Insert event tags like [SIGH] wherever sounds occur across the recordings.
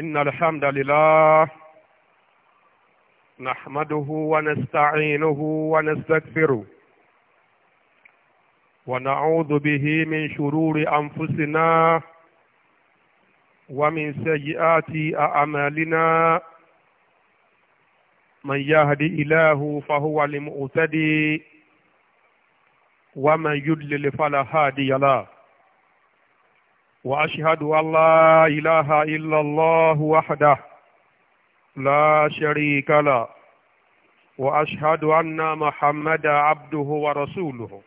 إن الحمد لله نحمده ونستعينه ونستغفره ونعوذ به من شرور أنفسنا ومن سيئات أعمالنا من يهدي إله فهو المؤتدي ومن يدلل فلا هادي له وأشهد أن لا إله إلا الله وحده لا شريك له وأشهد أن محمدا عبده ورسوله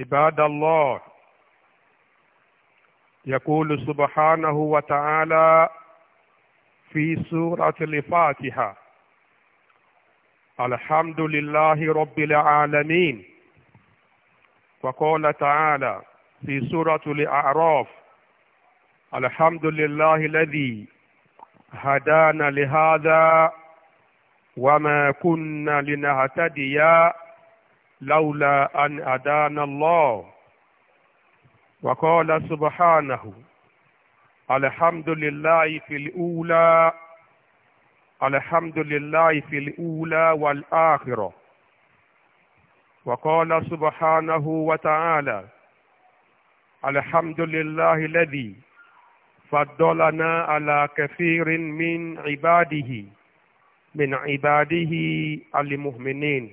عباد الله يقول سبحانه وتعالى في سورة الفاتحة الحمد لله رب العالمين وقال تعالى في سورة الأعراف الحمد لله الذي هدانا لهذا وما كنا لنهتدي لولا أن هدانا الله وقال سبحانه الحمد لله في الأولى الحمد لله في الأولى والآخرة وقال سبحانه وتعالى الحمد لله الذي فضلنا على كثير من عباده من عباده المؤمنين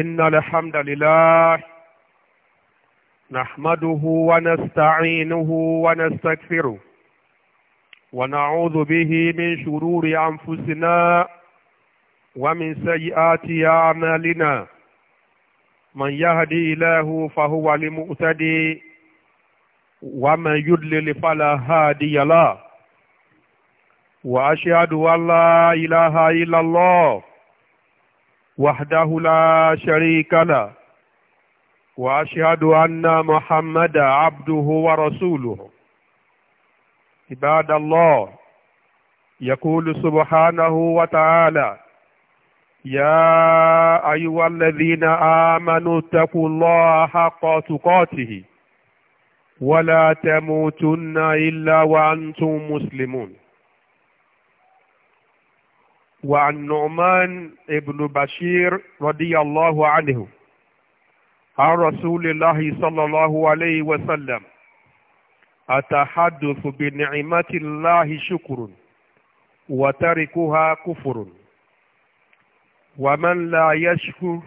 إن الحمد لله نحمده ونستعينه ونستغفره ونعوذ به من شرور أنفسنا ومن سيئات أعمالنا من يهدي إله فهو المؤتدي ومن يدلل فلا هادي له وأشهد أن لا إله إلا الله وحده لا شريك له وأشهد أن محمدا عبده ورسوله عباد الله يقول سبحانه وتعالى يا أيها الذين آمنوا اتقوا الله حق تقاته ولا تموتن إلا وأنتم مسلمون وعن نعمان بن بشير رضي الله عنه عن رسول الله صلى الله عليه وسلم أتحدث بنعمة الله شكر وتركها كفر ومن لا يشكر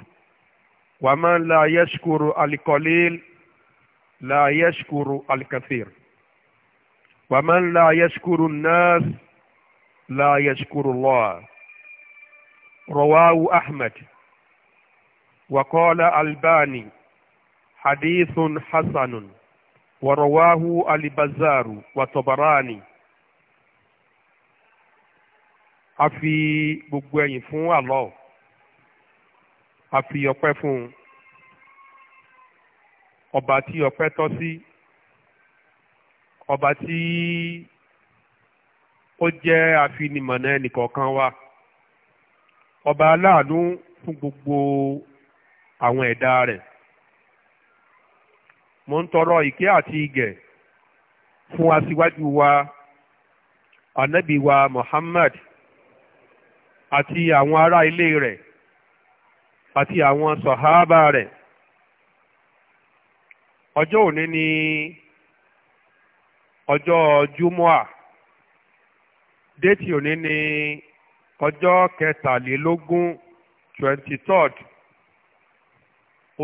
ومن لا يشكر القليل لا يشكر الكثير ومن لا يشكر الناس لا يشكر الله رواه أحمد وقال الباني حديث حسن ورواه البزار وطبراني a fi gbogbo ẹ̀yìn fún Allah a fi ọpẹ́ fún un ọba tí ọpẹ́ tọ́ sí ọba tí ó jẹ́ àfinimọ̀nà ẹnìkọ̀ọ̀kan wa. ọba aláàánú fún gbogbo àwọn ẹ̀dá rẹ̀ mo ń tọrọ ìkẹ́ àti ìgẹ̀ fún aṣíwájú wa ànábì wa Muhammad àti àwọn ará ilé rẹ̀ àti àwọn sọ̀háábà rẹ̀ ọjọ́ òní ni ọjọ́ júmọ́à déètì òní ni. ọjọ́ kẹtàlélógún twenty third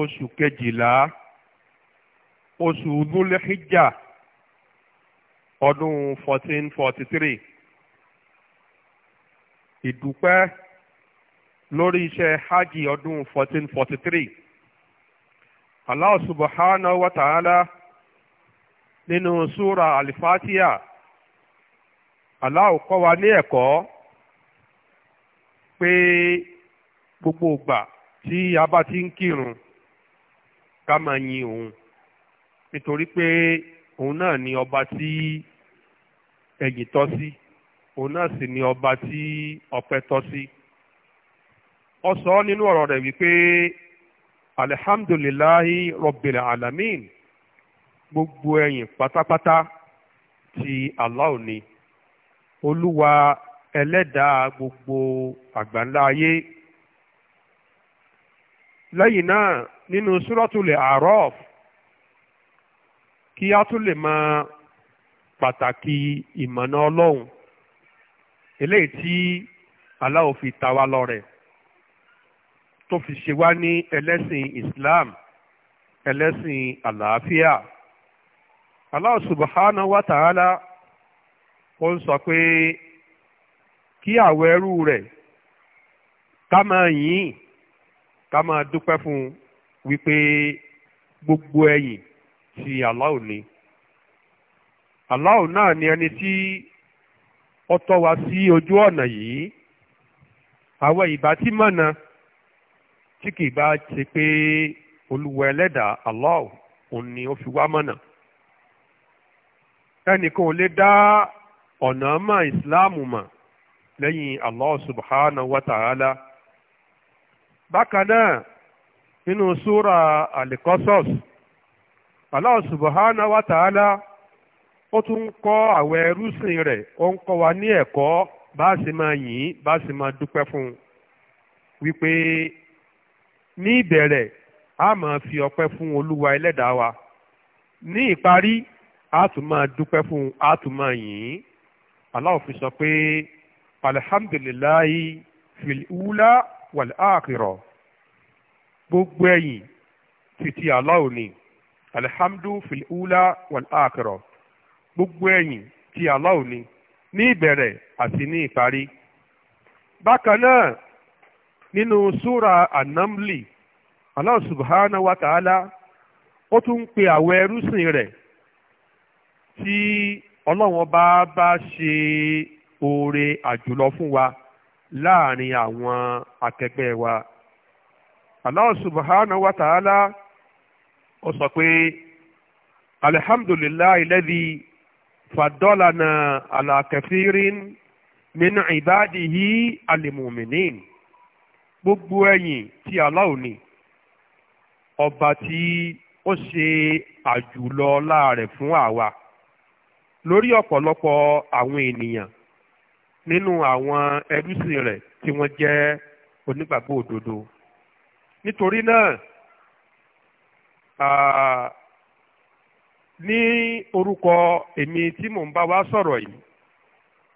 oṣù kejìlá oṣù nulẹ̀híjà ọdún fourteen forty three ìdúpẹ́ lórí iṣẹ́ hajj ọdún fourteen forty three Allah subhanahu wa nínú súra alifatiya Allah kọ́ wa ní ẹ̀kọ́. pé gbogbo ìgbà tí a bá ti ń kírun ká máa yin òun nítorí pé òun náà ni ọba tí ẹ̀yìn tọ́ sí òun náà sì ni ọba tí ọpẹ́ tọ́ sí ọ sọ nínú ọ̀rọ̀ rẹ̀ wípé alhamdulillah rabbil alamin gbogbo ẹ̀yìn pátápátá ti Allah ni olúwa ẹlẹ́dàá gbogbo àgbáńlá ayé lẹ́yìn náà nínú súrọ́tulẹ̀ àrọ́f kí a tún lè mọ pàtàkì ìmọ̀nà ọlọ́run eléyìí tí aláwo fi ta wá lọ́rẹ tó fi ṣe wá ní ẹlẹ́sìn Islam ẹlẹ́sìn àlàáfíà Allah subhanahu wa ta'ala ó ń sọ pé. kí àwọ̀ ẹrú rẹ̀ ká máa yìn ká máa dúpẹ́ fún wípé gbogbo ẹ̀yìn ti Allah ni Allah náà ni ẹni tí ó tọ́ wa sí ojú ọ̀nà yìí àwọn ìbá tí mọ̀nà tí kì bá ṣe pé olúwa ẹlẹ́dàá Allah òun ni ó lẹ́yìn Allah subhanahu wa ta'ala bákan náà nínú súra alikọ́sọ́s Allah subhanahu wa ta'ala ó tún ń kọ́ àwọn ẹrúsìn rẹ̀ ó ń kọ́ wa ní ẹ̀kọ́ bá a sì máa yìn bá a sì máa dúpẹ́ fún un wípé ní ìbẹ̀rẹ̀ a máa fi ọpẹ́ fún olúwa ẹlẹ́dàá wa ní ìparí a tún máa dúpẹ́ fún un a tún máa yìn Allah fi sọ pé. alhamdulilayi filiwula wàlákìrọ̀ gbogbo ẹ̀yìn títí aláwo ni alhamdu filiwula wàlákìrọ̀ gbogbo ẹ̀yìn ti aláwo ni ní ìbẹ̀rẹ̀ àti ní ìparí. bákan náà nínú súra anamli Allah subhanahu ó tún ń pe àwọn ẹrúsìn rẹ̀ tí ọlọ́wọ́n bá bá ṣe oore àjùlọ fún wa láàrin àwọn akẹgbẹ wa Allah subhanahu wa ta'ala ó sọ pé alhamdulillahi alladhi faddalana ala kathirin min ibadi al-mu'minin gbogbo ẹ̀yìn tí Allah ni ọba tí ó ṣe àjùlọ láàrẹ fún àwa lórí ọpọlọpọ àwọn ènìyàn nínú àwọn ẹrúsìn rẹ̀ tí wọ́n jẹ́ onígbàgbọ́ òdodo nítorí náà ní orúkọ èmi tí mò ń bá wa sọ̀rọ̀ yìí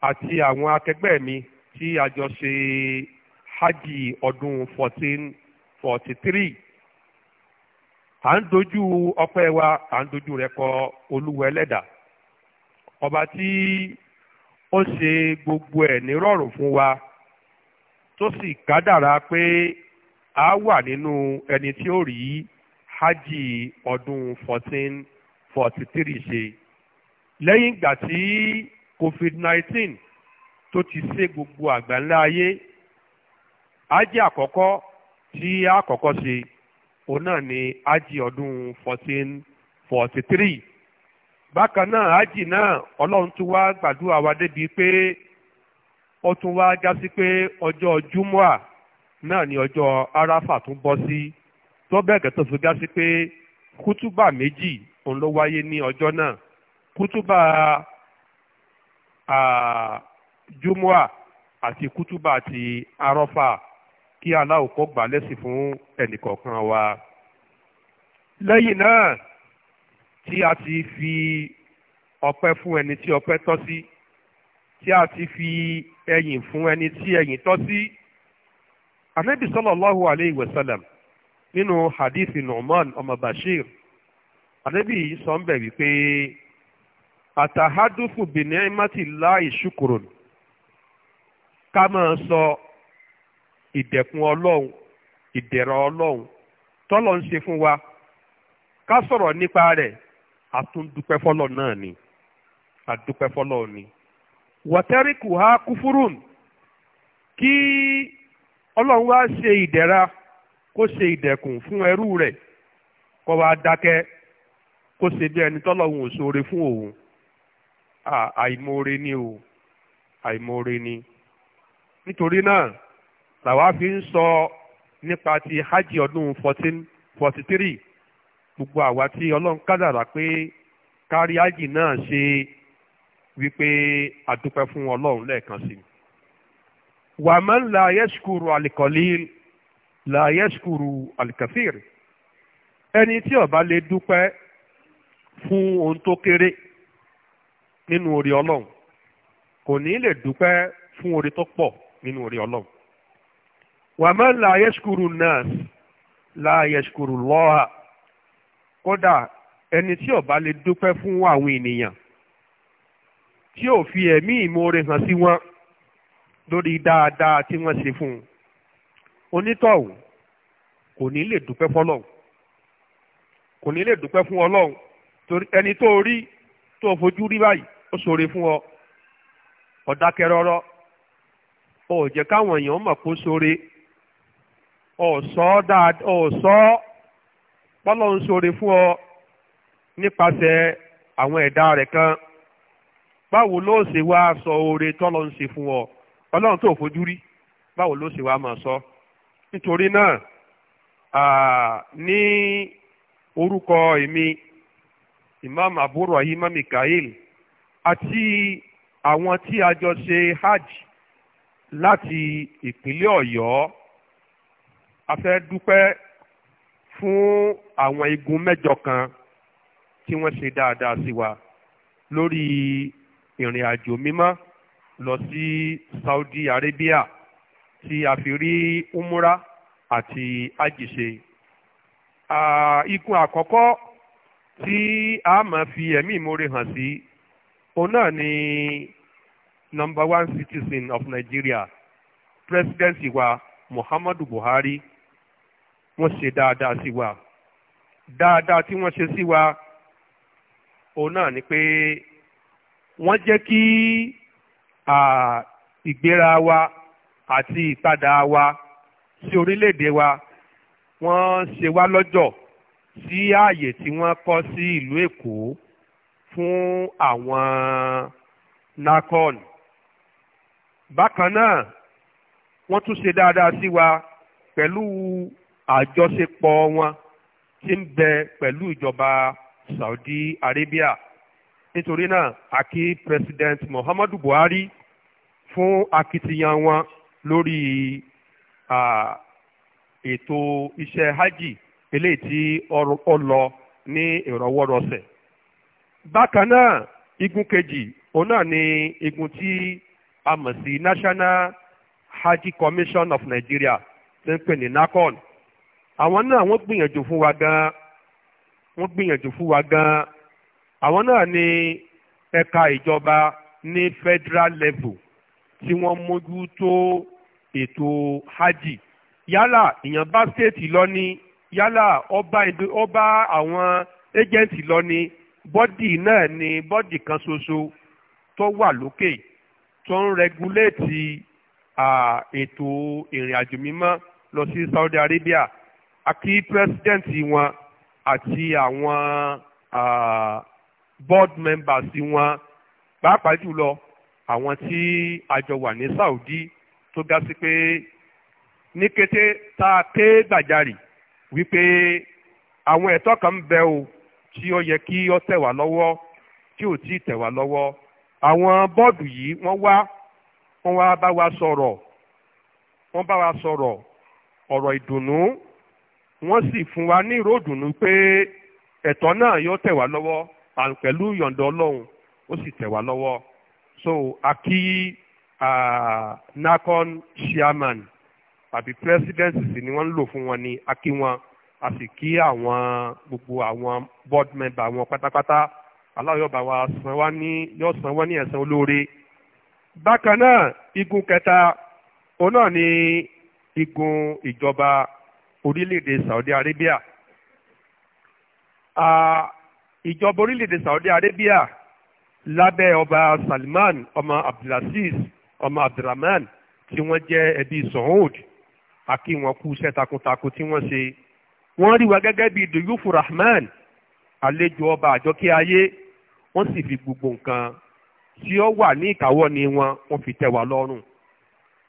àti àwọn akẹgbẹ́ mi tí a jọ ṣe hajj ọdún fourteen forty three à ń dojú ọpẹ́ wa à ń dojú rẹ̀ kọ olúwa ẹlẹ́dàá ọba tí ó ṣe gbogbo ẹ̀ nírọ̀rùn fún wa tó sì kádàrá pé a wà nínú ẹni tí ó rí hajj ọdún 1443 ṣe lẹ́yìn ìgbà tí covid nineteen, tó ti ṣe gbogbo àgbáńlá ayé hajj àkọ́kọ́ tí a kọ́kọ́ ṣe òun náà ni hajj ọdún 1443 bákan náà ájì náà ọlọ́run tún wá gbàdúrà wa débi pé ó tún wá já sí pé ọjọ́ júmọ́à náà ni ọjọ́ aráfà tún bọ́ sí tó bẹ́ẹ̀ gẹ́tọ́ fi já sí pé kútúbà méjì òun ló wáyé ní ọjọ́ náà kútúbà júmọ́à àti kútúbà ti arọ́fà kí aláwòkọ́ gbà lẹ́sìn fún ẹnìkọ̀ọ̀kan wa lẹ́yìn náà tí a ti fi ọpẹ́ fún ẹni tí ọpẹ́ tọ́ sí tí a ti fi ẹyìn fún ẹni tí ẹyìn tọ́ sí anabi sallallahu alayhi wa sallam nínú hadithi nu'man ọmọ bashir anabi sọ ń bẹ̀ wípé atahadufu bi ni'mati llahi shukurun ká máa sọ ìdẹ̀kùn ọlọ́run ìdẹ̀rọ̀ ọlọ́run tọ́lọ̀ ń ṣe fún wa ká sọ̀rọ̀ nípa rẹ̀ àtúndúpẹ́ fọ́lọ̀ náà ni àdúpẹ́ fọ́lọ̀ ni. wàtẹ́ríkù ha kúfúrún kí ọlọ́run wá ṣe ìdẹ̀ra kó ṣe ìdẹ̀kùn fún ẹrú rẹ̀ kó wá dákẹ́ kó ṣe bí ẹni tọ́lọ́run ò ṣoore fún òun àìmoore ni o àìmoore ni nítorí náà làwa fi ń sọ nípa ti hajj ọdún fourteen forty three gbogbo àwa tí ọlọ́run kádàrà pé kárí ájì náà ṣe wípé àdúpẹ́ fún ọlọ́run lẹ́ẹ̀kan sí i. wàmán la yẹ́sùkúrú al-qalil la yẹ́sùkúrú al-kathir ẹni tí ó bá lè dúpẹ́ fún ohun tó kéré nínú orí ọlọ́run kò ní lè dúpẹ́ fún orí tó pọ̀ nínú orí ọlọ́run. wàmán la yẹ́sùkúrú nas la yẹ́sùkúrú lọ́ha kódà ẹni tí ó bá lè dúpẹ́ fún àwọn ènìyàn tí ò fi ẹ̀mí ìmoore hàn sí wọn lórí dáadáa tí wọ́n ṣe fún un onítọ̀hún kò ní lè dúpẹ́ fọlọ́hún kò ní lè dúpẹ́ fún ọlọ́hún torí ẹni tó rí tó fojú rí báyìí ó ṣoore fún ọ ọ̀dákẹ́rọ́rọ́ ó jẹ́ káwọn èèyàn mọ̀ kó ṣoore ó sọ ọ́ pọ́lọ́ ń ṣoore fún ọ nípasẹ̀ àwọn ẹ̀dá rẹ̀ kan báwo ló ṣe wá sọ oore tọ́lọ́ ń ṣe fún ọ ọlọ́run tó fojú rí báwo ló ṣe wá máa sọ nítorí náà ní orúkọ èmi imam abu rahim mikael àti àwọn tí a jọ ṣe hajj láti ìpínlẹ̀ ọ̀yọ́ a fẹ́ dúpẹ́ fún àwọn igun mẹ́jọ kan tí wọ́n ṣe dáadáa sí wa lórí ìrìn àjò mímọ́ lọ sí Saudi Arabia tí a fi rí umura àti ajíṣe igun àkọ́kọ́ tí a máa fi ẹ̀mí ìmoore hàn sí òun náà ni number one citizen of Nigeria president wa Muhammadu Buhari wọ́n ṣe dáadáa sí wa dáadáa tí wọ́n ṣe sí wa òun náà ni pé wọ́n jẹ́ kí ìgbéra wa àti ìpadà wa sí orílẹ̀-èdè wa wọ́n ṣe wá lọ́jọ̀ sí ààyè tí wọ́n kọ́ sí ìlú Èkó fún àwọn nakon bákan náà wọ́n tún ṣe dáadáa sí wa pẹ̀lú àjọṣepọ̀ wọn ti ń bẹ pẹ̀lú ìjọba Saudi Arabia nítorí náà a President Muhammadu Buhari fún akitiyan wọn lórí ètò iṣẹ́ hajj eléyìí tí ó lọ ní ìrọwọ́rọsẹ̀. bákan náà igun kejì òun náà ni igun tí a mọ̀ sí National Hajj Commission of Nigeria ti ń pè ní NACON àwọn náà wọ́n gbìyànjú fún wa gan wọ́n gbìyànjú fún wa gan àwọn náà ní ẹ̀ka ìjọba ní federal level tí wọ́n mójú tó ètò hajj yálà ìyẹn bá stéètì lọ ní yálà ọba ọba àwọn ẹ́jẹ̀ǹtì lọ ní bọ́dì náà ní bọ́dì kan ṣoṣo tó wà lókè tó ń rẹguléètì ètò ìrìn mímọ́ lọ sí Saudi Arabia akí president wọn àti àwọn board members wọn pàápàá jùlọ àwọn tí àjọ wà ní Saudi tó ga sí pé ní kété tá a ké gbàjarì wípé àwọn ẹ̀tọ́ kan ń bẹ o tí ó yẹ kí ó tẹ̀ wá lọ́wọ́ tí ò tí ì tẹ̀ wá lọ́wọ́ àwọn bọ́ọ̀dù yìí wọ́n wá wọ́n wá bá wa sọ̀rọ̀ wọ́n bá wa sọ̀rọ̀ ọ̀rọ̀ ìdùnnú wọ́n sì fún wa ní ìró ìdùnnú pé ẹ̀tọ́ náà yóò tẹ̀ wá lọ́wọ́ pẹ̀lú ìyọ̀ǹda ọlọ́run ó sì tẹ̀ wá lọ́wọ́ so aki kí chairman àbí president sì ni wọ́n ń lò fún wọn ni a kí wọn a sì kí àwọn gbogbo àwọn board member wọn pátápátá Allah yóò bá wa san wá ní yóò san wá ní ẹ̀san olóore bákan náà igun kẹta òun náà ni igun ìjọba orílẹ̀-èdè Saudi Arabia ìjọba orílẹ̀-èdè Saudi Arabia lábẹ́ ọba Salman ọmọ Abdulaziz ọmọ Abdulrahman tí wọ́n jẹ́ ẹbí Saud àkí wọn kú iṣẹ́ takuntakun tí wọ́n ṣe wọ́n rí wa gẹ́gẹ́ bíi duyufu Rahman àlejò ọba àjọkẹ́ ayé wọ́n sì fi gbogbo nǹkan tí ó wà ní ìkáwọ́ ni wọn wọ́n fi tẹ́ wa lọ́rùn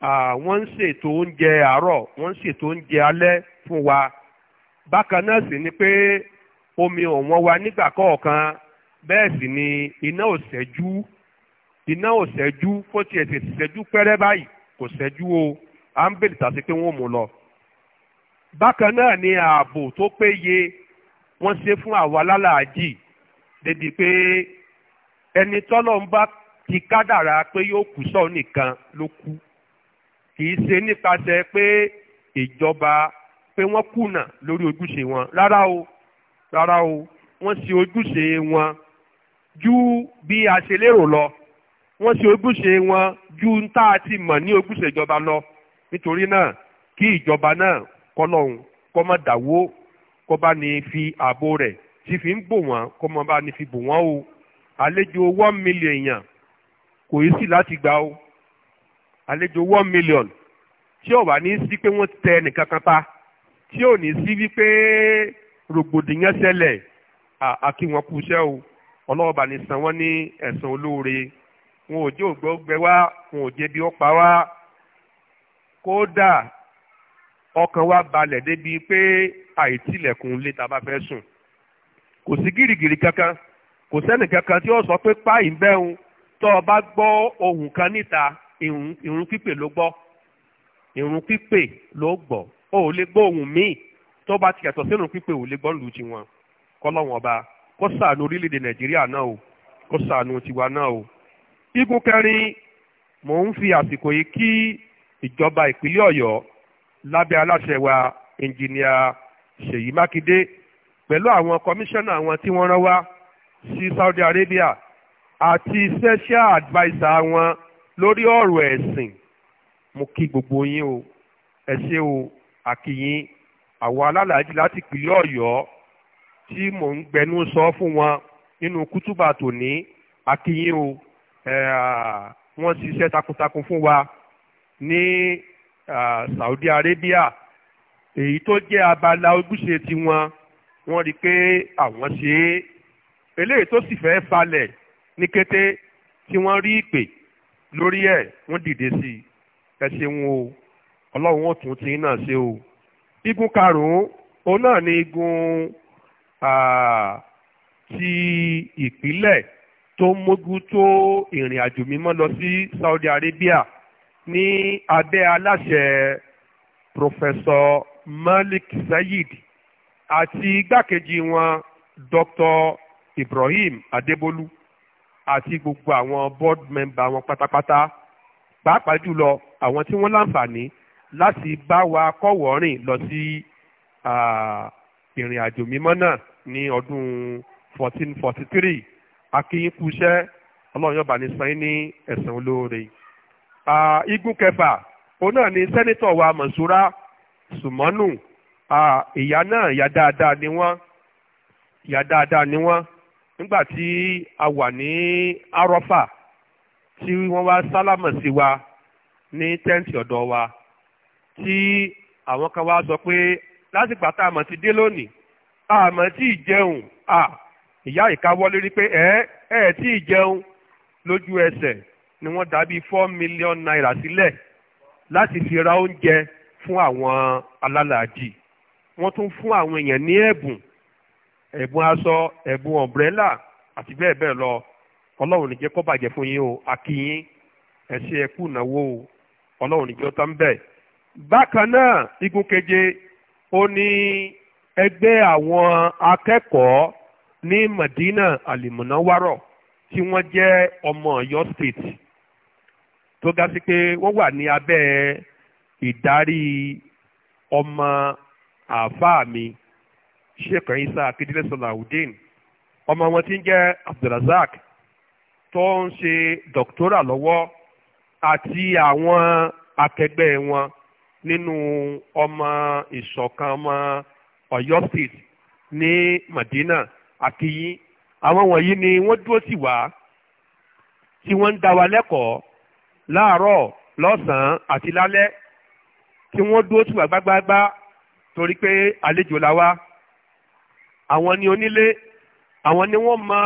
wọ́n ń ṣètò oúnjẹ àárọ̀ wọ́n ń ṣètò oúnjẹ alẹ́ fún wa bákan náà sì ni pé omi ò wọ́n wa nígbà kọ̀ọ̀kan bẹ́ẹ̀ sì ni iná ò ṣẹ́jú iná ò ṣẹ́jú fó tiẹ̀ sì ṣẹ́jú pẹ́rẹ́ báyìí kò ṣẹ́jú o à ń bèèrè tàbí pé wọ́n mú lọ. bákan náà ni ààbò tó péye wọ́n ṣe fún àwa lálàájì débi pé ẹni tọ́lọ́ ń bá ti kádàrá pé yóò kú sọ́ọ̀ nìkan ló kú kì í ṣe nípasẹ̀ pé ìjọba pé wọ́n kùnà lórí ojúṣe wọn rárá o rárá o wọ́n ṣe ojúṣe wọn ju bí a ṣe lérò lọ wọ́n ṣe ojúṣe wọn ju ń tá a ti mọ̀ ní ojúṣe ìjọba lọ nítorí náà kí ìjọba náà kọlọ́hún kọ́ má dàwó kọ́ bá ní fi ààbò rẹ̀ tí fi ń bò wọ́n kọ́ má bá ní fi bò wọ́n o àlejò one million èèyàn kò yí sí láti gbà o àlejò one million tí ò wá ní sí pé wọ́n tẹ ẹnìkan kan pa tí ò ní sí wípé rògbòdìyàn ṣẹlẹ̀ àkí wọn kú iṣẹ́ o ọlọ́ọ̀bà ní san wọ́n ní ẹ̀san olóore wọn ò jẹ́ ògbọ́gbẹ wá wọn ò jẹ́ bí ó pa wá kódà ọkàn wa balẹ̀ débi pé àìtìlẹ̀kùn lé ta bá fẹ́ sùn kò sí gìrìgìrì kankan kò sẹ́nì kankan tí ó sọ pé páì ń bẹ́hùn tó o bá gbọ́ ohùn kan níta ìrun pípè ló gbọ́ ìrun pípè ló gbọ́ ó lè gbọ́ ohùn míì tó bá ti yàtọ̀ sí ìrun pípè ò lè gbọ́ lù tiwọn kọ́lọ́wọ́n ọba kó ṣàánú orílẹ̀-èdè nàìjíríà náà o kó ṣàánú tiwa náà o. igun kẹrin mò ń fi àsìkò yìí kí ìjọba ìpínlẹ̀ ọ̀yọ́ lábẹ́ aláṣẹ wa ẹnjìníà ṣèyí mákindé pẹ̀lú àwọn kọmíṣánná àwọn tí wọ́n rán wá sí saudi arabia àti special adviser wọn lórí ọ̀rọ̀ ẹ̀sìn mo kí gbogbo yín o ẹ ṣé o àkìyìn àwọn alálàájì láti ìpínlẹ̀ ọ̀yọ́ tí mò ń gbẹnú sọ fún wọn nínú kútùbà tòní àkìyìn o wọ́n ṣiṣẹ́ takuntakun fún wa ní Saudi Arabia èyí tó jẹ́ abala ojúṣe tiwọn wọ́n rí i pé àwọn ṣe é eléyìí tó sì fẹ́ falẹ̀ ní kété tí wọ́n rí ìpè lórí ẹ̀ wọ́n dìde sí i ẹ ṣeun o ọlọ́run ó tún ti náà ṣe o igun karùn òun náà ni igun ti ìpínlẹ̀ tó mójú tó ìrìn àjò mímọ́ lọ sí Saudi Arabia ní abẹ́ aláṣẹ pòfẹ́sọ Malik Sayid àti igbákejì wọn Dr Ibrahim Adebolu àti gbogbo àwọn board member wọn pátápátá pàápàá jùlọ àwọn tí wọ́n láǹfààní láti bá wa kọ́wọ́ rìn lọ sí ìrìn àjò mímọ́ náà ní ọdún 1443 akínkúṣẹ́ ọlọ́run yọba ní sàn ní ẹ̀sán olóore. igun kẹfà òun náà ni sẹ́nitọ̀ wa Mọ̀ṣúrà Sùmọ́nù ìyá náà ìyá dáadáa ni wọ́n ìyá dáadáa ni wọ́n nígbà tí a wà ní arọ́fà tí wọ́n wá sálámà sí wa ní tẹ́ǹtì ọ̀dọ̀ wa tí àwọn kan wá sọ pé lásìgbà tá a mọ̀ ti dé lónìí a mọ̀ tí ì jẹun a ìyá ìkáwọ́ lórí pé ẹ ẹ tí ì jẹun lójú ẹsẹ̀ ni wọ́n dàbí four million naira sílẹ̀ láti fi ra oúnjẹ fún àwọn alálàájì wọ́n tún fún àwọn èèyàn ní ẹ̀bùn ẹ̀bùn aṣọ ẹ̀bùn ọ̀mbrẹ́là àti bẹ́ẹ̀ bẹ́ẹ̀ lọ ọlọ́run níjẹ́ kó bàjẹ́ fún yín o akínyín ẹ ṣé ẹ kú ìnáwó o ọlọ́run níjẹ́ tán bẹ́ẹ̀. bákan náà igun keje ó ní ẹgbẹ́ àwọn akẹ́kọ̀ọ́ ní Madina alimunawaro tí wọ́n jẹ́ ọmọ Ọ̀yọ́ state tó ga sí pé wọ́n wà ní abẹ́ ìdarí ọmọ àáfàá mi sheikh isa akindele salawudeen ọmọ wọn ti ń jẹ́ abdulrasaq tó ń ṣe dọ́kítọ́rà lọ́wọ́ àti àwọn akẹgbẹ́ wọn nínú ọmọ ìṣọ̀kan ọmọ ọ̀yọ́ state ní madina akiyin àwọn wọ̀nyí ni wọ́n dúró tì wá tí wọ́n ń dá wa lẹ́kọ̀ọ́ láàárọ̀ lọ́sàn-án àti lálẹ́ tí wọ́n dúró tì wá gbágbáágbá torí pé àlejò la wá àwọn ni onílé àwọn ni wọ́n mọ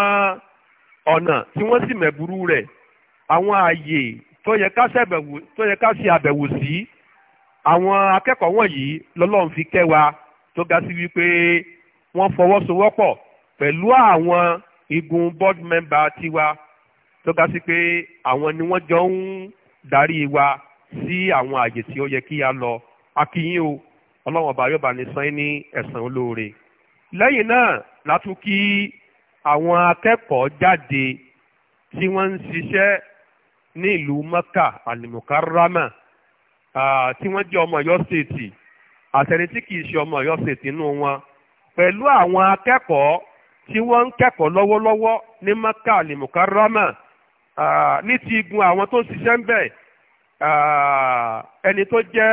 ọ̀nà tí wọ́n sì mẹ̀búrú rẹ̀ àwọn ààyè tó yẹ ká ṣe àbẹ̀wò sí àwọn akẹ́kọ̀ọ́ wọ̀nyí lọ́lọ́run fi kẹ́ wa tó ga sí wípé wọ́n fọwọ́sowọ́pọ̀ pẹ̀lú àwọn igun board member tiwa tó ga sí pé àwọn ni wọ́n jọ ń darí wa sí àwọn ààyè tí ó yẹ kí a lọ a o ọlọ́run ọba yóò bá ní san ní ẹ̀san olóore lẹ́yìn náà látún kí àwọn akẹ́kọ̀ọ́ jáde tí wọ́n ń ṣiṣẹ́ ní ìlú Mẹ́kà alimukarama tí wọ́n jẹ́ ọmọ Ọ̀yọ́ stéètì àtẹni tí kìí ṣe ọmọ Ọ̀yọ́ stéètì nínú wọn pẹ̀lú àwọn akẹ́kọ̀ọ́ tí wọ́n ń kẹ́kọ̀ọ́ lọ́wọ́lọ́wọ́ ní Mẹ́kà alimukarama ní ti igun àwọn tó ń ṣiṣẹ́ ń bẹ̀ ẹni tó jẹ́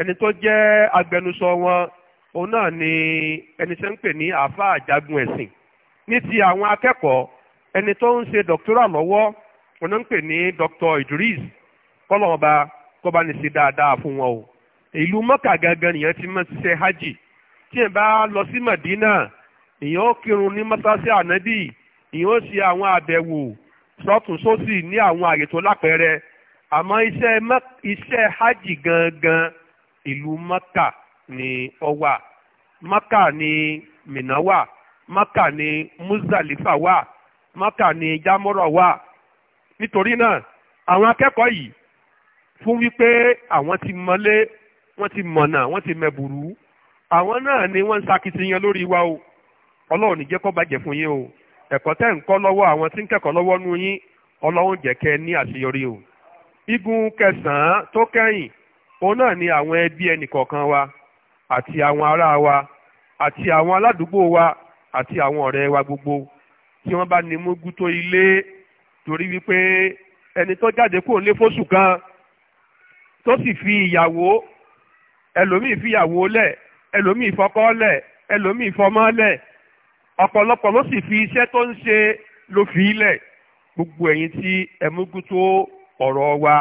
ẹni tó jẹ́ agbẹnusọ wọn òun náà ni ẹni tí ń pè ní àjagun ẹ̀sìn ní ti àwọn akẹ́kọ̀ọ́ ẹni tó ń ṣe dọ́kítọ́rà lọ́wọ́ òun náà ń Idris kọ́lọ́ọ̀ba kọ́ba dáadáa fún wọn o ìlú mọ́kà gangan nìyẹn ti máa ṣiṣẹ́ hajj tí ẹ̀ bá lọ sí Madina ìyẹn ó kírun ní mọ́sáṣí ànábì ìyẹn ó ṣe àwọn àbẹ̀wò sọ́tún ní àwọn àyè tó àmọ́ gangan ìlú mọ́kà ni ó wà maka ni mina wa. maka ni muzalifa wa. maka ni jamoro wa. nítorí náà àwọn akẹ́kọ̀ọ́ yìí fún wípé àwọn ti mọlé wọ́n ti mọ̀nà wọ́n ti mẹ̀bùrú àwọn náà ni wọ́n ń sakitiyan lórí wa o ọlọ́run ní jẹ́ kó bàjẹ́ fún yín o ẹ̀kọ́ tẹ́ ń kọ́ lọ́wọ́ àwọn tí ń kẹ́kọ̀ọ́ lọ́wọ́ nú yín ọlọ́run jẹ́ kẹ́ ní àṣeyọrí o igun kẹsàn-án tó kẹ́yìn òun náà ni àwọn ẹbí ẹnì kọ̀ọ̀kan wa àti àwọn ará wa àti àwọn aládùúgbò wa àti àwọn ọ̀rẹ́ wa gbogbo tí wọ́n bá ní mú gútó ilé torí wípé ẹni tó jáde kúrò nílé fóṣù kan tó sì fi ìyàwó ẹlòmíì fi ìyàwó lẹ̀ ẹlòmíì fọkọ lẹ̀ ẹlòmíì fọmọ lẹ̀ ọ̀pọ̀lọpọ̀ ló sì fi iṣẹ́ tó ń ṣe ló fi ilẹ̀ gbogbo ẹ̀yin tí ẹ múgútó ọ̀rọ̀ wa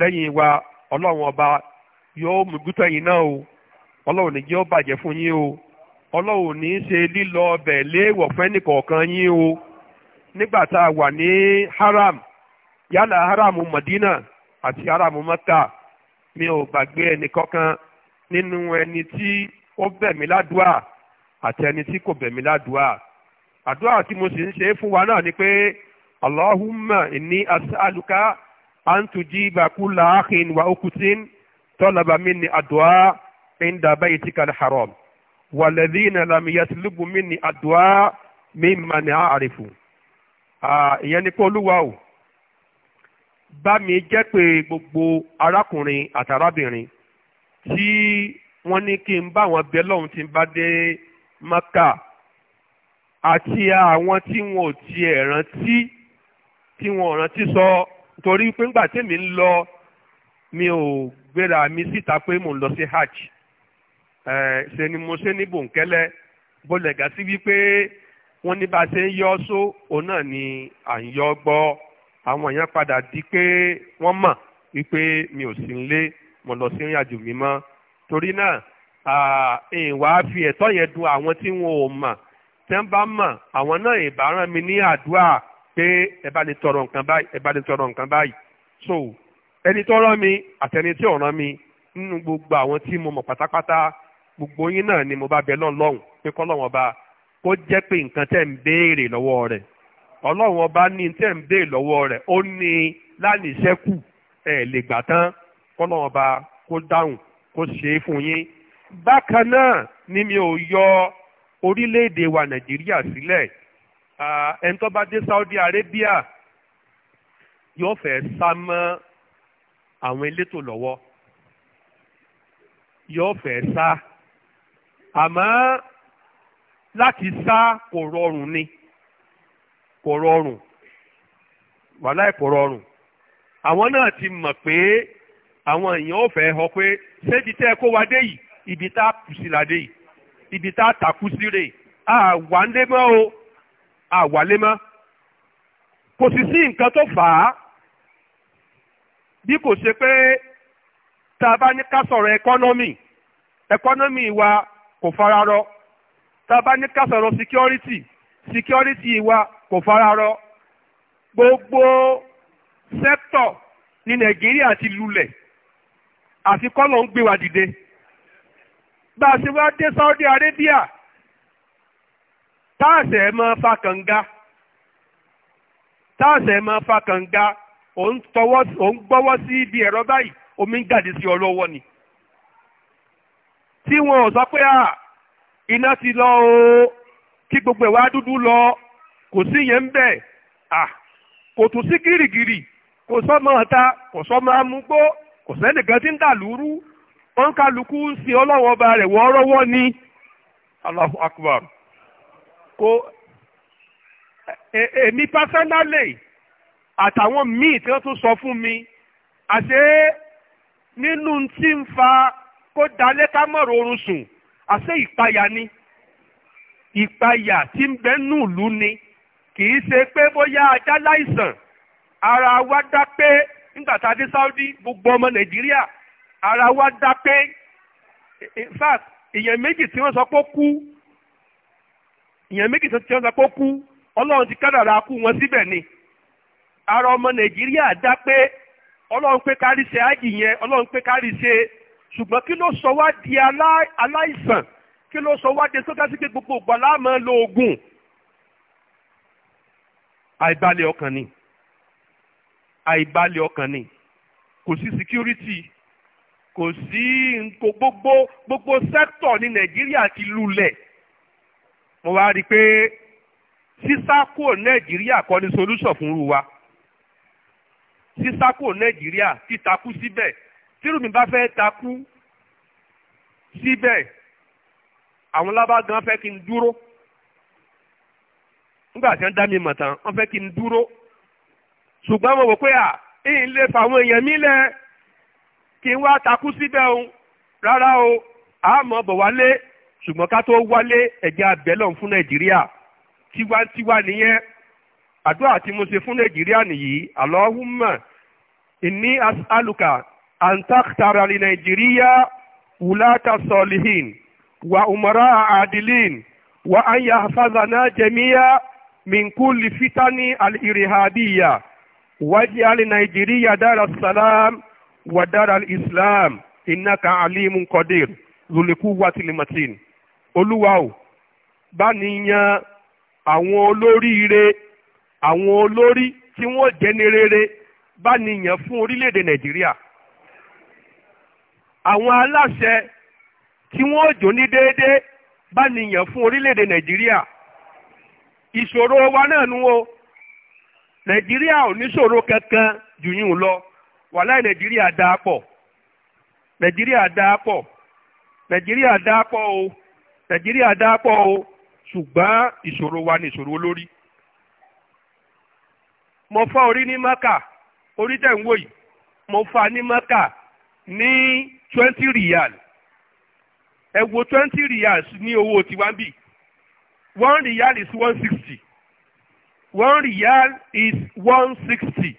lẹ́yìn wa ọlọ́run ọba yóò múgútó ẹ̀yin náà o ọlọ́run ní jẹ́ ó bàjẹ́ fún yín o ọlọ́run ní í ṣe lílọ ọbẹ̀ léèwọ̀ fẹ́ni yín o nígbà tá a wà ní haram yálà haram madina àti haram maka mi ò gbàgbé ẹnì kankan nínú ẹni tí ó bẹ̀ mí ládùá àti ẹni tí kò bẹ̀ mí ládùá àdúrà tí mo sì ń ṣe fún wa náà ni pé allahumma inni as'aluka an tujiba kulla akhin wa ukutin tọ́laba mi ni àdúrà inda baytika الحرام، والذين لم يسلبوا مني minni ad-du'a mimman يعني ìyẹn ni pé olúwa o bá mi jẹ́ pé gbogbo arákùnrin àtàrábìnrin tí wọ́n ní kí n bá wọn bẹ lọ́hùn tí n bá dé Maka àti àwọn tí wọn ò tiẹ̀ rántí tí wọn ò rántí sọ torí pé ńgbà tèmi ń lọ mi ò gbéra mi síta pé mò ń lọ sí hajj ṣe ni mo ṣe ní bòńkẹ́lẹ́ bó lẹ̀ gà sí wípé wọ́n ní bá a ṣe ń yọ só òun náà ni à ń yọ gbọ́ àwọn èèyàn padà di pé wọ́n mọ̀ wípé mi ò sí nílé mo lọ sí ìrìnàjò mi mọ́ torí náà ìwà fi ẹ̀tọ́ yẹn dùn àwọn tí wọn ò mọ̀ tẹ́ ń bá mọ̀ àwọn náà ìbá mi ní àdúrà pé ẹ bá lè tọrọ nǹkan báyìí ẹ bá lè tọrọ nǹkan báyìí so ẹni tó rán mi àtẹni tí ò rán mi nínú gbogbo àwọn tí mo mọ̀ pátápátá gbogbo yín náà ni mo bá bẹ lọ́n lọ́hùn pé kọ́lọ́hún ọba kó jẹ́ pé nǹkan tẹ̀ ń béèrè lọ́wọ́ rẹ̀ ọlọ́hun ọba ní tẹ̀ ń béèrè lọ́wọ́ rẹ̀ ó ní lánìṣẹ́kù ẹ̀ lè gbà tán kọ́lọ́hún ọba kó dáhùn kó ṣe é fún yín bákan náà ni mi ò yọ orílẹ̀-èdè wa nàìjíríà sílẹ̀ ẹni tó bá dé Saudi Arabia yóò fẹ́ sá mọ́ àwọn elétò lọ́wọ́ yóò fẹ́ sá. àmọ́ láti sá kò rọrùn ni kò rọrùn wàláì kò rọrùn àwọn náà ti mọ̀ pé àwọn èèyàn ò fẹ́ họ pé ṣébi tẹ́ ẹ kó wa dé yìí ibi tá a kù sí la dé yìí ibi tá a takú sí rè àwa ń lé mọ́ o àwa lé mọ́ kò sì sí nǹkan tó fà á bí kò ṣe pé tá a bá ní ká sọ̀rọ̀ ẹkọ́nọ́mì ẹkọ́nọ́mì wa kò fara rọ tá ní ká sọ̀rọ̀ security security wa kò fara rọ gbogbo sector ní nàìjíríà ti lulẹ̀ àfi kọ́lọ̀ ń gbé wa dìde bá a ṣe wá dé Saudi Arabia táàsẹ̀ máa fa kànga táàsẹ̀ máa fa kànga òun gbọ́wọ́ sí ibi ẹ̀rọ báyìí omi ń jáde sí ọ lọ́wọ́ ni. tí wọn ò sọ pé à iná ti lọ o kí gbogbo ẹ̀ wá dúdú lọ kò sí yẹn ń bẹ̀ à kò tún sí gírígírí kò sọ́mọ ọ̀ta kò sọ́mọ amúgbó kò sẹ́nìkan tí ń dà lúrú wọ́n kálukú ń sin ọlọ́wọ́ ọba rẹ̀ wọ́ọ́rọ́wọ́ ni Allahu Akbar kò e, e, èmi pásánálì àtàwọn míì tí wọ́n tún sọ fún mi àṣé nínú tí ń fa kó dalẹ́ ká mọ̀rọ̀ oorun sùn ni ìpayà ti ń bẹ nù lú ni kì í ṣe pé bóyá ajá láìsàn ara wa dá pé nígbà tá a dé Saudi gbogbo ọmọ Nàìjíríà ara wa dá pé in fact èèyàn méjì tí wọ́n sọ pé ti kú wọn síbẹ̀ ni ara ọmọ Nàìjíríà dá pé ọlọ́run pé kárí ṣe ájì yẹn ọlọ́run pé kárí ṣùgbọ́n kí ló sọ wá di aláìsàn kí ló sọ wá di tó dásí pé gbogbo ìgbà la lo oògùn àìbalẹ̀ ọkàn ni àìbalẹ̀ ọkàn ni kò sí security kò sí nǹkan gbogbo gbogbo sector ní nàìjíríà ti lulẹ̀ mo wá rí i pé sísá kúrò nàìjíríà kọ́ ni solution fún wa sísá nàìjíríà títakú síbẹ̀ tírù mi bá fẹ́ takú síbẹ̀ àwọn lábàgán fẹ́ kí n dúró nígbà tí wọ́n dá mi mọ̀ tán wọ́n fẹ́ kí n dúró ṣùgbọ́n mo wò pé à ń lè fa àwọn èèyàn mi lẹ kí n wá takú síbẹ̀ o rárá o àmọ́ bọ̀ wálé ṣùgbọ́n ká tó wálé ẹ̀jẹ̀ abẹ́lọ̀ fún nàìjíríà tiwantiwa nìyẹn àdúrà tí mo ṣe fún nàìjíríà nìyí Allahumma inni as'aluka antakhtara li nàìjíríà wùlátà sọlihin wa umara adilin wa an yahfazana jamiya min kulli fitani al-irhadiyya waj'al nàìjíríà dara salam wa dara al-islam innaka alimun qadir zuliku wa tilimatin olúwa o bá ní àwọn olóríire àwọn olórí tí wọ́n jẹ́ ní rere bá fún orílẹ̀ nàìjíríà. àwọn aláṣẹ tí wọn jò ní déédéé bá nìyẹn fún orílẹ̀-èdè nàìjíríà ìṣòro wa náà nu o nàìjíríà ò ní ṣòro kankan jù yín lọ wàláì nàìjíríà dáa pọ̀ nàìjíríà dáa pọ̀ nàìjíríà dáa pọ̀ o nàìjíríà dáa pọ̀ o ṣùgbọ́n ìṣòro wa ni ìṣòro olórí mo fa orí ní maka orí tẹ̀ ń wò yìí mo fa ní maka ní. Ni twenty riyal ẹ wo twenty riyal ní owó tiwa bí one riyal is one sixty one riyal is one sixty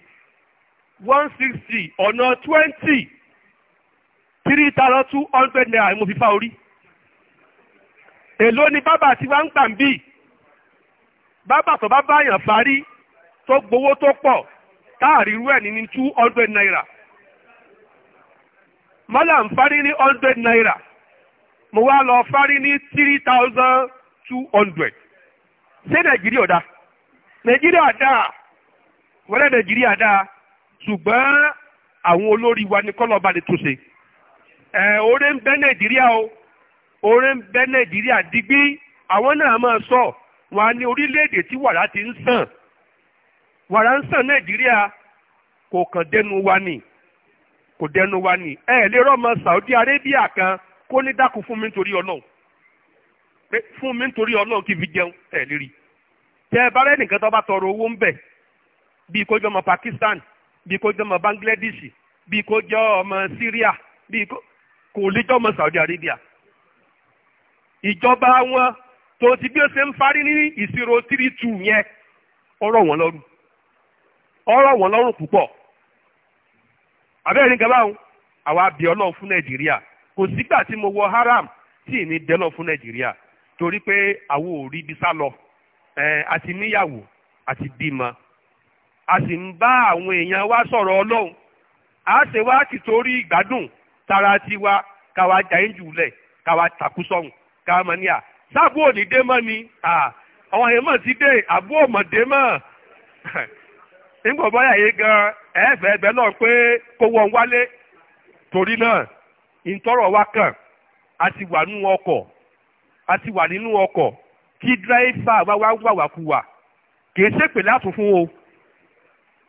one sixty ọ̀nà twenty three thousand two hundred naira mo fi fa orí èló ni bábà tí wàá ń gbà ń bì bábà tó bá báyàn parí tó gbowó tó pọ̀ táàrí irú ẹ̀ ní two hundred naira mọ́là ń fárí ní hundred naira mo wá lọ fárí ní three thousand two hundred ṣé nàìjíríà dáa nàìjíríà dáa wọlé nàìjíríà dáa ṣùgbọ́n àwọn olórí wa ní kọ́lọ́ba lè túnṣe ẹ̀ oore ń bẹ nàìjíríà o oore ń bẹ nàìjíríà digbí àwọn náà máa sọ wọn á ní orílẹ̀-èdè tí wàrà ti ń sàn wàrà ń sàn nàìjíríà kò kàn dẹnu wa nìí kò dẹnu wa ni ẹ lè rọmọ Saudi Arabia kan kó ní dákun fún mi nítorí Ọlọ́run pé fún mi nítorí Ọlọ́run kí n fi jẹun ẹ lè rí tẹ ẹ nìkan tó bá tọrọ owó ń bẹ bíi kó jọ ọmọ Pakistan bíi kó jọ ọmọ Bangladesh bíi kó jọ ọmọ Syria bíi kò lè jọ ọmọ Saudi Arabia ìjọba wọn tó ti bí ó ṣe ń parí ní ìṣirò tírítù yẹn ọ̀rọ̀ wọn lọ́rùn ọ̀rọ̀ wọn lọ́rùn púpọ̀ abẹ́rẹ́ ní gabáwọn àwa bí ọlọ́run fún nàìjíríà kò sígbà tí mo wọ haram tí ì ní bẹ́lọ̀ fún nàìjíríà torí pé àwọn ò rí ibi sá lọ àti níyàwó àti bímọ a sì ń bá àwọn èèyàn wa sọ̀rọ̀ ọlọ́run a ṣe wá tìtorí ìgbádùn tara tiwa káwa jà ń jùlẹ̀ káwa takú sọ̀hún káwa mọ̀ ní à sáàbù òní dé mọ́ ni àwọn èèyàn mọ̀ ti dé àbú òmọ̀dé mọ̀ [LAUGHS] yé gan ẹ̀ẹ́fẹ̀ẹ́ náà pé kó wọ́n wálé torí náà ìtọ́rọ̀ wa kàn a ti wà nínú ọkọ̀ a ti wà nínú ọkọ̀ kí dírẹ́fà wa wá wà o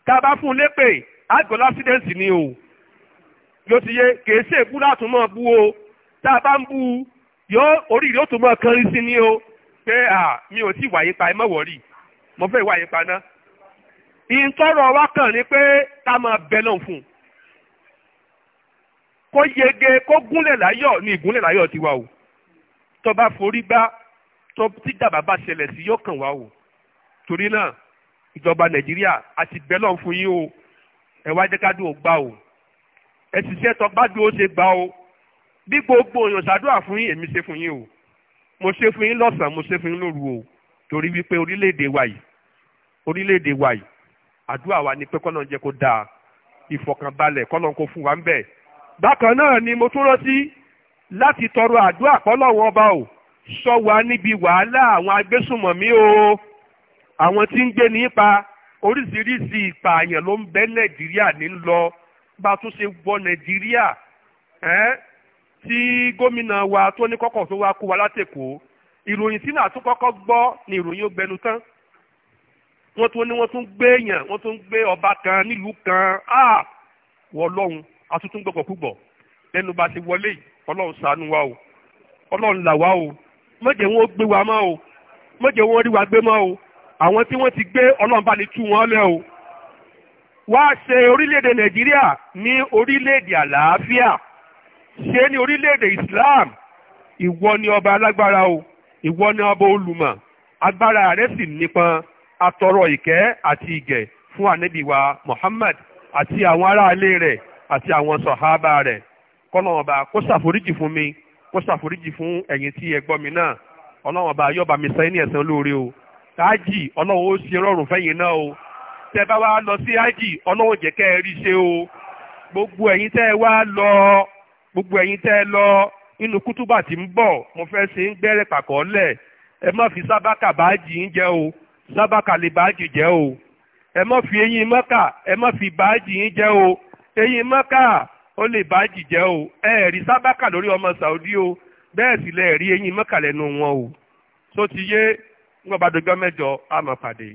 tá a bá fún un lépè ni o yóò ti yé kì í ṣèkú bú o tá a bá ń bú u yóò orí ni o pé mi ò tí ẹ mọ̀ mo fẹ́ náà. ìtọ́rọ̀ wa kàn ní pé ká máa bẹ náà fún un kó yege kó gúnlẹ̀ láyọ̀ ní ìgúnlẹ̀ láyọ̀ tiwa o tó bá forí gbá tó tí dàbà bá ṣẹlẹ̀ sí yóò kàn wá o torí náà ìjọba nàìjíríà àti bẹ náà fún yín o ẹ wá jẹ́ ká dùn ó gbá o ẹ sì ṣe tó ó ṣe gbá o bí gbogbo èèyàn ṣàdúrà fún yín èmi ṣe fún yín o mo ṣe fún yín lọ́sàn-án mo ṣe fún yín lóru o torí wípé orílẹ̀-èdè wa yìí orílẹ̀-èdè wa yìí àdúrà wa ni pé kọ́lọ́n jẹ́ kó dáa ìfọ̀kànbalẹ̀ kọ́lọ́n kó fún wa ń bẹ̀. bákan náà ni mo tún rántí láti tọrọ àdúrà kọ́lọ́wọ́ ọba ò sọ wa níbi wàhálà àwọn agbésùnmọ̀mí o àwọn tí ń gbé nípa oríṣiríṣi ìpààyàn ló ń bẹ nàìjíríà ní lọ bá a tún ṣe wọ nàìjíríà tí gómìnà wa tó ní kọ́kọ́ tó wá kó wa látẹ̀kọ́ ìròyìn tí náà tún kọ́kọ́ gbọ́ ni ìròyìn ó gbẹnu tán wọ́n tún ní wọ́n tún gbé èèyàn wọ́n tún gbé ọba kan nílùú kan á ah! wọ ọlọ́run atúntún gbọ̀gbọ̀ púpọ̀ lẹ́nu bá ti wọlé ọlọ́run ṣàánú wa o ọlọ́run là wá o má jẹ́ wọn ó gbé wa mọ́ o má jẹ́ wọn ó rí wa gbé mọ́ o àwọn tí wọ́n ti gbé ọlọ́run bá lè tú wọn lẹ́ o wá ṣe orílẹ̀-èdè nàìjíríà ní orílẹ̀-èdè àlàáfíà ṣe ní orílẹ̀-èdè islam ìwọ ni ọba alágbára o ìwọ ni ọba olùmọ̀ agbára rẹ̀ sì nípọn atọrọ ìkẹ́ àti ìgẹ̀ fún ànábì Muhammad àti àwọn aráalé rẹ̀ àti àwọn sọ̀hábà rẹ̀ kọ́lọ́wọ́n bá kó ṣàforíjì fún mi kó ṣàforíjì fún ẹ̀yin tí ẹ gbọ́ mi náà ọlọ́wọ́n bá yọ̀bà mi sẹ́yìn ní ẹ̀sán lóore o káàjì ọlọ́wọ́n ó ṣe rọrùn fẹ́yìn náà o tẹ́ bá wá lọ sí ájì ọlọ́wọ́n jẹ́ kẹ́ ẹ rí ṣe o gbogbo ẹ̀yin tẹ́ ẹ wá lọ gbogbo ẹ̀yin tẹ́ ẹ lọ inú kútúbà tí ń bọ̀ mo fẹ́ ṣe ń gbẹ́rẹ́ pàkọ́ lẹ̀ ẹ má fi sábà kàbáàjì ń jẹ́ o lè báàjì jẹ́ o ẹ fi eyín mọ́kà ẹ fi báàjì yín jẹ́ o eyín mọ́kà ó lè báàjì jẹ́ o ẹ rí sábàkà lórí ọmọ Saudi o bẹ́ẹ̀ sì rí eyín mọ́kà lẹ́nu wọn o tó ti yé bá mẹ́jọ àmọ́ pàdé